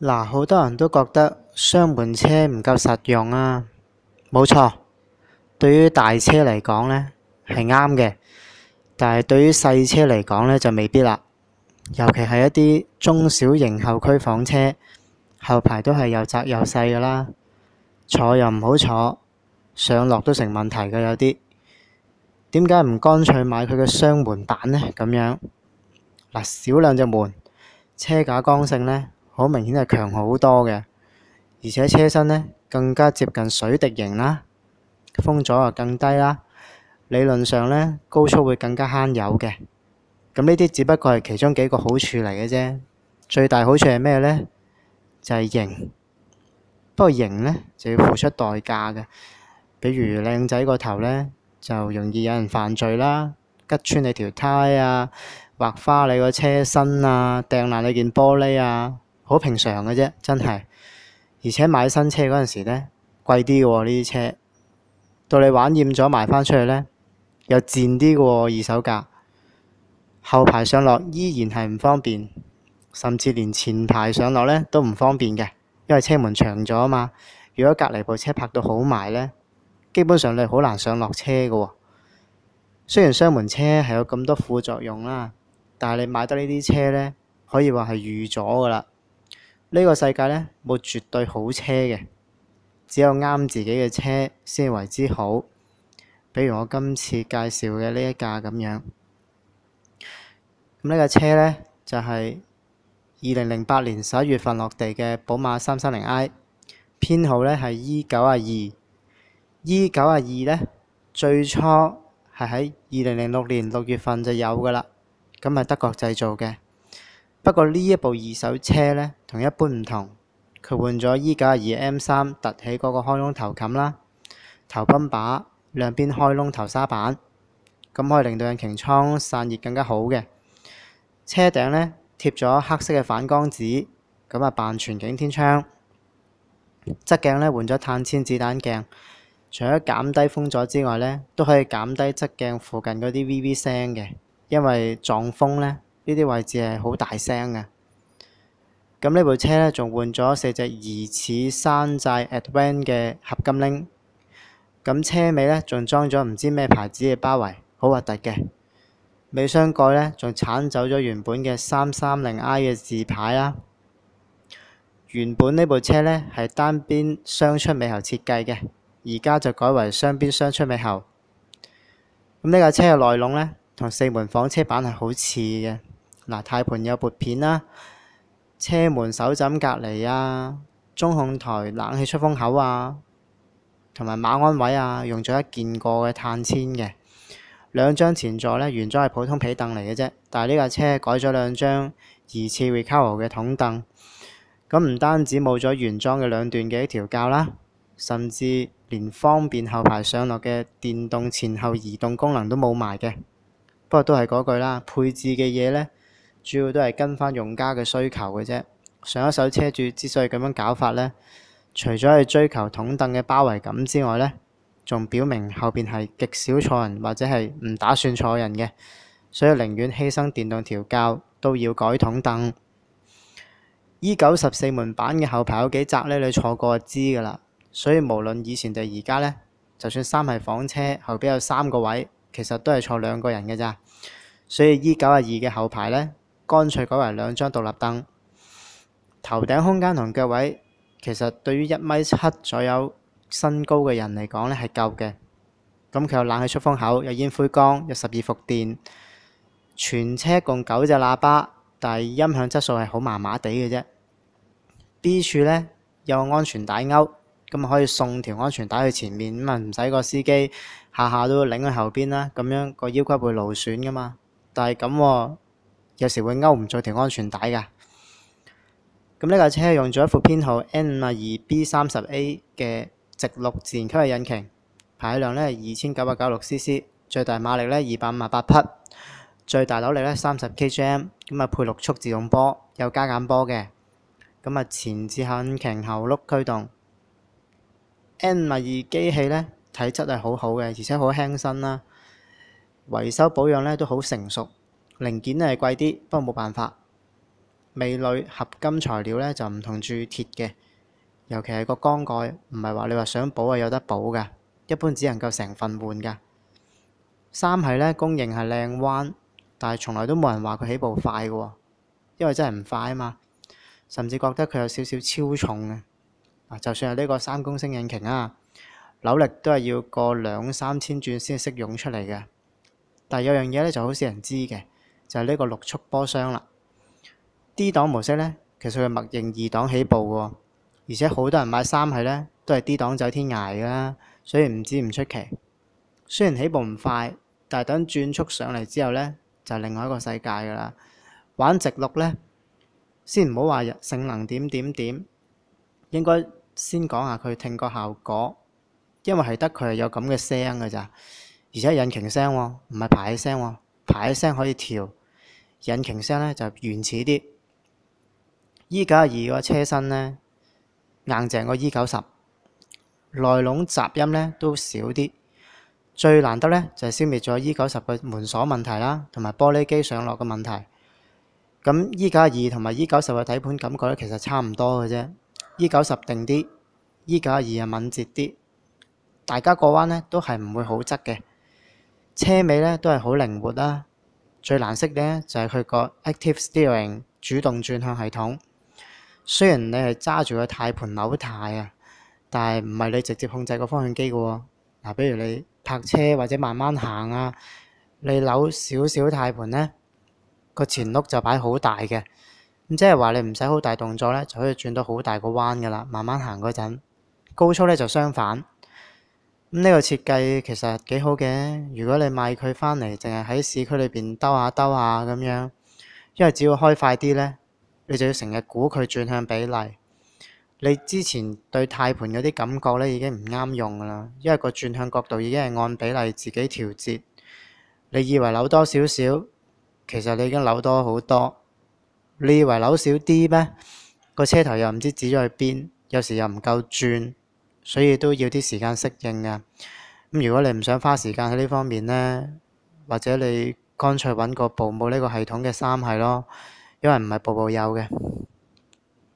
嗱，好多人都覺得雙門車唔夠實用啊！冇錯，對於大車嚟講呢，係啱嘅，但係對於細車嚟講呢，就未必啦。尤其係一啲中小型後驅房車，後排都係又窄又細㗎啦，坐又唔好坐，上落都成問題㗎，有啲點解唔乾脆買佢嘅雙門版呢？咁樣嗱，少兩隻門，車架剛性呢，好明顯係強好多嘅，而且車身咧更加接近水滴型啦，風阻又更低啦。理論上咧高速會更加慳油嘅。咁呢啲只不過係其中幾個好處嚟嘅啫。最大好處係咩咧？就係型。不過型咧就要付出代價嘅，比如靚仔個頭咧就容易有人犯罪啦，吉穿你條胎啊，劃花你個車身啊，掟爛你件玻璃啊。好平常嘅啫，真係。而且買新車嗰陣時呢，貴啲嘅喎呢啲車，到你玩厭咗賣翻出去呢，又賤啲嘅喎二手價。後排上落依然係唔方便，甚至連前排上落呢都唔方便嘅，因為車門長咗啊嘛。如果隔離部車泊到好埋呢，基本上你好難上落車嘅喎。雖然雙門車係有咁多副作用啦，但係你買得呢啲車呢，可以話係預咗㗎啦。呢個世界呢，冇絕對好車嘅，只有啱自己嘅車先為之好。比如我今次介紹嘅呢一架咁樣，咁呢架車呢，就係二零零八年十一月份落地嘅寶馬三三零 I，編號呢係 E 九啊二，E 九啊二呢，最初係喺二零零六年六月份就有㗎喇，咁係德國製造嘅。不過呢一部二手車咧，同一般唔同，佢換咗 E92 M3，凸起嗰個開窿頭冚啦，頭泵把兩邊開窿頭沙板，咁可以令到引擎艙散熱更加好嘅。車頂咧貼咗黑色嘅反光紙，咁啊扮全景天窗。側鏡咧換咗碳纖子彈鏡，除咗減低風阻之外咧，都可以減低側鏡附近嗰啲 VV 聲嘅，因為撞風咧。呢啲位置係好大聲嘅。咁呢部車呢，仲換咗四隻疑似山寨 Advan 嘅合金鈴。咁車尾呢，仲裝咗唔知咩牌子嘅包圍，好核突嘅。尾箱蓋呢，仲剷走咗原本嘅 330i 嘅字牌啦。原本呢部車呢，係單邊雙出尾喉設計嘅，而家就改為雙邊雙出尾喉。咁呢架車嘅內籠呢，同四門房車版係好似嘅。嗱，胎盤有撥片啦，車門手枕隔離啊，中控台冷氣出風口啊，同埋馬鞍位啊，用咗一件過嘅碳纖嘅。兩張前座咧原裝係普通皮凳嚟嘅啫，但係呢架車改咗兩張疑似 Recaro 嘅筒凳。咁唔單止冇咗原裝嘅兩段嘅調教啦，甚至連方便後排上落嘅電動前後移動功能都冇埋嘅。不過都係嗰句啦，配置嘅嘢咧～主要都係跟翻用家嘅需求嘅啫。上一手車主之所以咁樣搞法咧，除咗係追求筒凳嘅包圍感之外咧，仲表明後邊係極少坐人或者係唔打算坐人嘅，所以寧願犧牲電動調教都要改筒凳。E 九十四門版嘅後排有幾窄咧？你坐過就知㗎啦。所以無論以前定而家咧，就算三系房車，後邊有三個位，其實都係坐兩個人嘅咋。所以 E92 嘅後排咧～乾脆改為兩張獨立凳，頭頂空間同腳位其實對於一米七左右，左右身高嘅人嚟講咧係夠嘅。咁佢有冷氣出風口，有煙灰缸，有十二伏電，全車共九隻喇叭，但係音響質素係好麻麻地嘅啫。B 柱呢有安全帶鈎，咁啊可以送條安全帶去前面，咁啊唔使個司機下下都擰去後邊啦。咁樣個腰骨會勞損噶嘛。但係咁喎。有時會勾唔着條安全帶㗎。咁呢架車用咗一副編號 N 五啊二 B 三十 A 嘅直六自然吸氣引擎，排量呢係二千九百九十六 CC，最大馬力呢二百五啊八匹，最大扭力呢三十 kgm。咁啊配六速自動波，有加減波嘅。咁啊前置引擎後轆驅動。N 五啊二機器呢體質係好好嘅，而且好輕身啦。維修保養呢都好成熟。零件咧係貴啲，不過冇辦法。鋁合金材料呢就唔同鑄鐵嘅，尤其係個缸蓋唔係話你話想補啊有得補嘅，一般只能夠成份換㗎。三系呢，供應係靚彎，但係從來都冇人話佢起步快嘅喎，因為真係唔快啊嘛。甚至覺得佢有少少超重嘅，啊就算係呢個三公升引擎啊，扭力都係要過兩三千轉先識湧出嚟嘅。但係有樣嘢呢，就好少人知嘅。就係呢個六速波箱啦。D 檔模式呢，其實佢默認二檔起步嘅喎，而且好多人買三系呢，都係 D 檔走天涯噶啦，所以唔知唔出奇。雖然起步唔快，但係等轉速上嚟之後呢，就係另外一個世界噶啦。玩直六呢，先唔好話性能點點點，應該先講下佢聽個效果，因為係得佢係有咁嘅聲嘅咋，而且引擎聲喎、啊，唔係排氣聲喎，排氣聲可以調。引擎聲呢就原始啲，E 九二個車身呢、e、硬淨過 E 九十，內籠雜音呢都少啲。最難得呢就係、是、消滅咗 E 九十嘅門鎖問題啦，同埋玻璃機上落嘅問題。咁 E 九二同埋 E 九十嘅底盤感覺呢其實差唔多嘅啫，E 九十定啲，E 九二啊敏捷啲。大家過彎呢都係唔會好側嘅，車尾呢都係好靈活啦。最難識咧就係佢個 active steering 主動轉向系統。雖然你係揸住個軚盤扭軚啊，但係唔係你直接控制個方向機嘅喎。嗱、啊，比如你泊車或者慢慢行啊，你扭少少軚盤咧，個前轆就擺好大嘅。咁即係話你唔使好大動作咧，就可以轉到好大個彎嘅啦。慢慢行嗰陣，高速咧就相反。咁呢個設計其實幾好嘅，如果你買佢返嚟，淨係喺市區裏邊兜下兜下咁樣，因為只要開快啲咧，你就要成日估佢轉向比例。你之前對軚盤嗰啲感覺咧已經唔啱用啦，因為個轉向角度已經係按比例自己調節。你以為扭多少少，其實你已經扭多好多。你以為扭少啲咩？個車頭又唔知指咗去邊，有時又唔夠轉。所以都要啲時間適應嘅。咁如果你唔想花時間喺呢方面咧，或者你乾脆揾個部冇呢個系統嘅三系咯，因為唔係部部有嘅。